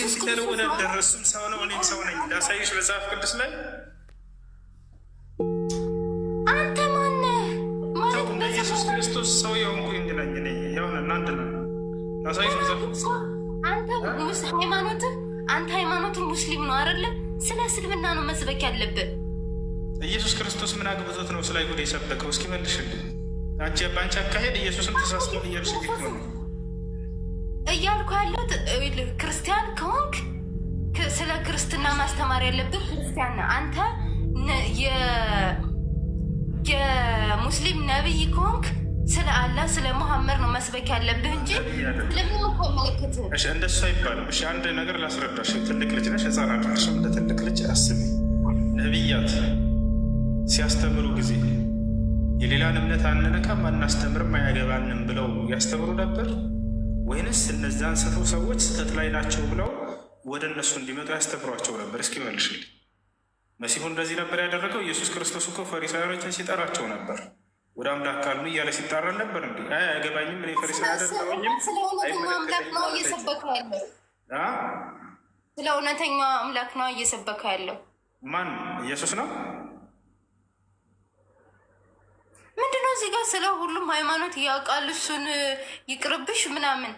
ሚተን ወደ ደረሱም ሰው ነው፣ እኔም ሰው ነኝ። ላሳይሽ መጽሐፍ ቅዱስ ላይ አንተ ማነህ ማለት ኢየሱስ ክርስቶስ ሰው የሆንኩኝ እንድለኝ ነ እናንተ ነው። ላሳይሽ መጽሐፍ ቅዱስ አንተ ሃይማኖትህ አንተ ሃይማኖትን ሙስሊም ነው አይደለም። ስለ እስልምና ነው መስበክ ያለብን። ኢየሱስ ክርስቶስ ምን አግብቶት ነው ስለ አይሁድ የሰበከው? እስኪ መልሽልኝ። አንቺ በአንቺ አካሄድ ኢየሱስን ተሳስተን እያልሽ ነው እያልኩ ያለው ክርስቲያን ከሆንክ ስለ ክርስትና ማስተማር ያለብህ ክርስቲያን ነው። አንተ የሙስሊም ነቢይ ከሆንክ ስለ አላ ስለ ሙሐመድ ነው መስበክ ያለብህ እንጂ ለምን እኮ መለከትህ እንደሱ አይባልም። እሺ አንድ ነገር ላስረዳሽ። ትልቅ ልጅ ነሽ፣ ህፃን አድርሽ። እንደ ትልቅ ልጅ አስቢ። ነቢያት ሲያስተምሩ ጊዜ የሌላን እምነት አንነካም፣ አናስተምርም፣ አያገባንም ብለው ያስተምሩ ነበር። ወይንስ እነዚያ አንስተው ሰዎች ስህተት ላይ ናቸው ብለው ወደ እነሱ እንዲመጡ ያስተምሯቸው ነበር? እስኪ መልሽልኝ። መሲሁ እንደዚህ ነበር ያደረገው። ኢየሱስ ክርስቶስ እኮ ፈሪሳውያኖችን ሲጠራቸው ነበር። ወደ አምላክ ካልኑ እያለ ሲጣራል ነበር። እንዲ አያገባኝም፣ እኔ ፈሪሳዊ አደረገኝም። ስለ እውነተኛው አምላክ ነው እየሰበከ ያለው። ማን? ኢየሱስ ነው እዚህ ጋር ስለ ሁሉም ሃይማኖት እያውቃል እሱን ይቅርብሽ ምናምን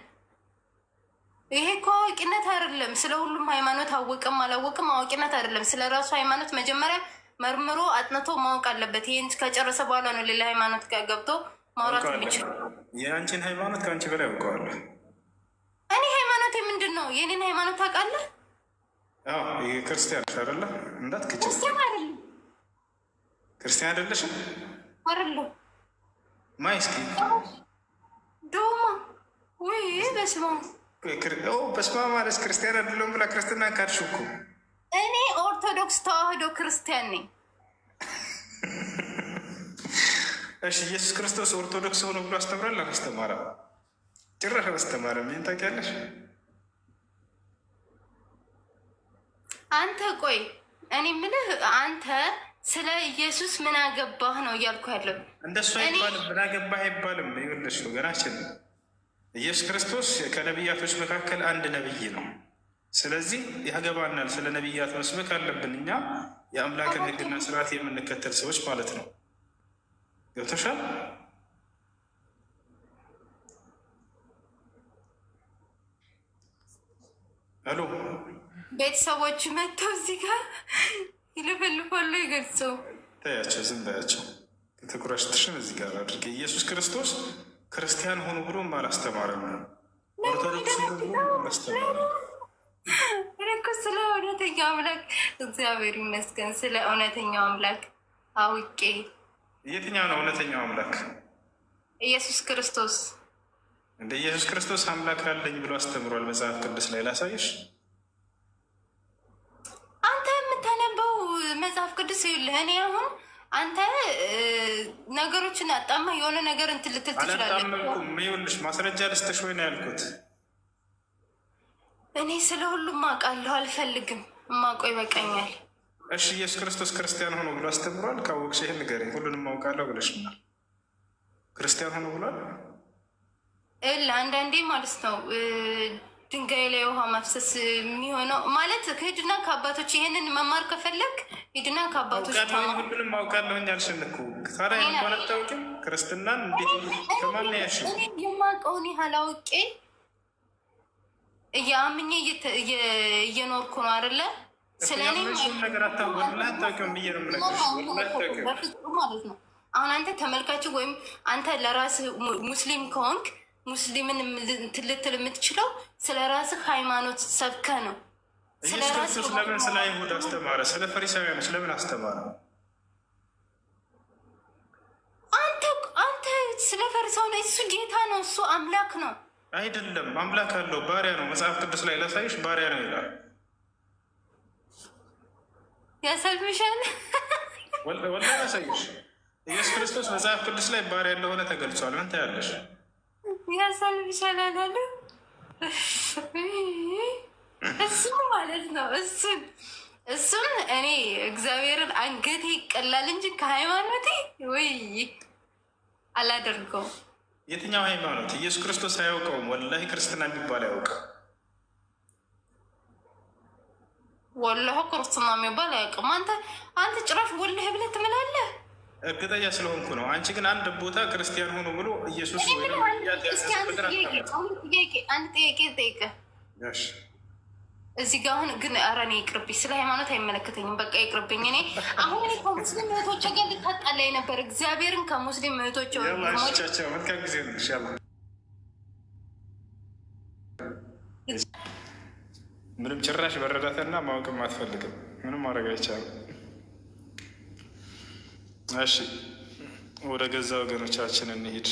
ይሄ እኮ አዋቂነት አይደለም። ስለ ሁሉም ሃይማኖት አወቅም አላወቅም አዋቂነት አይደለም። ስለ ራሱ ሃይማኖት መጀመሪያ መርምሮ አጥንቶ ማወቅ አለበት። ይህን ከጨረሰ በኋላ ነው ሌላ ሃይማኖት ጋር ገብቶ ማውራት የሚችል። የአንቺን ሃይማኖት ከአንቺ በላይ አውቀዋለሁ እኔ። ሃይማኖት ምንድን ነው? የኔን ሃይማኖት ታውቃለህ? ይሄ ክርስቲያን አይደለ? እንዳት ክርስቲያን አይደለም። ክርስቲያን አይደለሽም? አይደለም ማይስኪ ዶማ ወይ በስማ በስማ ማለት ክርስቲያን አይደለም ብላ ክርስትና ካድሽ እኮ። እኔ ኦርቶዶክስ ተዋህዶ ክርስቲያን ነኝ። እሺ ኢየሱስ ክርስቶስ ኦርቶዶክስ ሆኖ ብሎ አስተምራል አላስተማረም? ጭራሽ አላስተማረም። ይህን ታውቂያለሽ? አንተ ቆይ እኔ ምልህ አንተ ስለ ኢየሱስ ምን አገባህ ነው እያልኩ ያለው። እንደሱ አይባልም፣ ምን አገባህ አይባልም። ይኸውልሽ ወገናችን ኢየሱስ ክርስቶስ ከነቢያቶች መካከል አንድ ነቢይ ነው። ስለዚህ ያገባናል። ስለ ነቢያት መስበክ አለብን እኛ የአምላክን ሕግና ስርዓት የምንከተል ሰዎች ማለት ነው። ገብቶሻል? አሎ ቤተሰቦች መጥተው እዚህ ጋር ይለፈልፋሉ። ይገልጸው ታያቸው፣ ዝም በያቸው። ትሽን እዚህ ጋር አድርገ ኢየሱስ ክርስቶስ ክርስቲያን ሆኑ ብሎ አላስተማረም ነው። ኦርቶዶክስ ስለ እውነተኛው አምላክ እግዚአብሔር ይመስገን። ስለ እውነተኛው አምላክ አውቄ የትኛው ነው እውነተኛው አምላክ? ኢየሱስ ክርስቶስ። እንደ ኢየሱስ ክርስቶስ አምላክ አለኝ ብሎ አስተምሯል መጽሐፍ ቅዱስ ላይ ላሳየሽ ቅዱስ ይኸውልህ፣ እኔ አሁን አንተ ነገሮችን አጣማ የሆነ ነገር እንትን ልትል ትችላለህ። ይኸውልሽ ማስረጃ ልስጥሽ ወይ ነው ያልኩት። እኔ ስለ ሁሉም አውቃለሁ፣ አልፈልግም። እማውቀው ይበቃኛል። እሺ ኢየሱስ ክርስቶስ ክርስቲያን ሆኖ ብሎ አስተምሯል? ካወቅሽ ይህን ንገሪኝ። ሁሉንም አውቃለሁ ብለሽናል። ክርስቲያን ሆኖ ብሏል? አንዳንዴ ማለት ነው ድንጋይ ላይ ውሃ ማፍሰስ የሚሆነው ማለት ከሄድና ከአባቶች ይሄንን መማር ከፈለግ ሄድና ከአባቶች ሁሉንም አውቃለሁ። አልሽን እኮ ታዲያ እንኳን አታውቂም። ክርስትናን እንዴት ከማን ያሽ የማውቀውን ያህል አውቄ እያምኜ እየኖርኩ ነው አይደለ? ስለኔም ነገር አታውቅም። ላታውቂም ብዬ ነው ማለት ነው። አሁን አንተ ተመልካች ወይም አንተ ለራስህ ሙስሊም ከሆንክ ሙስሊምን ትልትል የምትችለው ስለ ራስህ ሃይማኖት ሰብከ ነው። ኢየሱስ ክርስቶስ ለምን ስለ አይሁድ አስተማረ? ስለ ፈሪሳውያኖች ስለምን አስተማረ? አንተ ስለ ነው። እሱ ጌታ ነው፣ እሱ አምላክ ነው። አይደለም አምላክ አለው ባሪያ ነው። መጽሐፍ ቅዱስ ላይ ላሳይሽ፣ ባሪያ ነው ይላል። ያሰልምሻል ወላ ላሳይሽ። ኢየሱስ ክርስቶስ መጽሐፍ ቅዱስ ላይ ባሪያ እንደሆነ ተገልጿል። ምን ታያለሽ? ያሳልፍ አለ እሱን ማለት ነው። እሱን እሱን እኔ እግዚአብሔርን አንገቴ ይቀላል እንጂ ከሃይማኖቴ ወይ አላደርገውም። የትኛው ሃይማኖት? ኢየሱስ ክርስቶስ አያውቀውም። ወላሂ ክርስትና የሚባል አያውቅም። ወላሂ ክርስትና የሚባል አያውቅም። አንተ አንተ ጭራሽ ወላሂ ብለህ ትምላለህ። እርግጠኛ ስለሆንኩ ነው። አንቺ ግን አንድ ቦታ ክርስቲያን ሆኖ ብሎ ኢየሱስ አንድ ጥያቄ ጠይቀ እዚህ ጋ አሁን ግን ኧረ እኔ ይቅርብኝ፣ ስለ ሃይማኖት አይመለከተኝም። በቃ ይቅርብኝ። እኔ አሁን እኔ ከሙስሊም እህቶች ጋር ልታጣላይ ነበር። እግዚአብሔርን ከሙስሊም እህቶች መልካም ጊዜ ምንም ጭራሽ መረዳትና ማወቅም አትፈልግም። ምንም ማድረግ አይቻልም። እሺ ወደ ገዛ ወገኖቻችን እንሄድ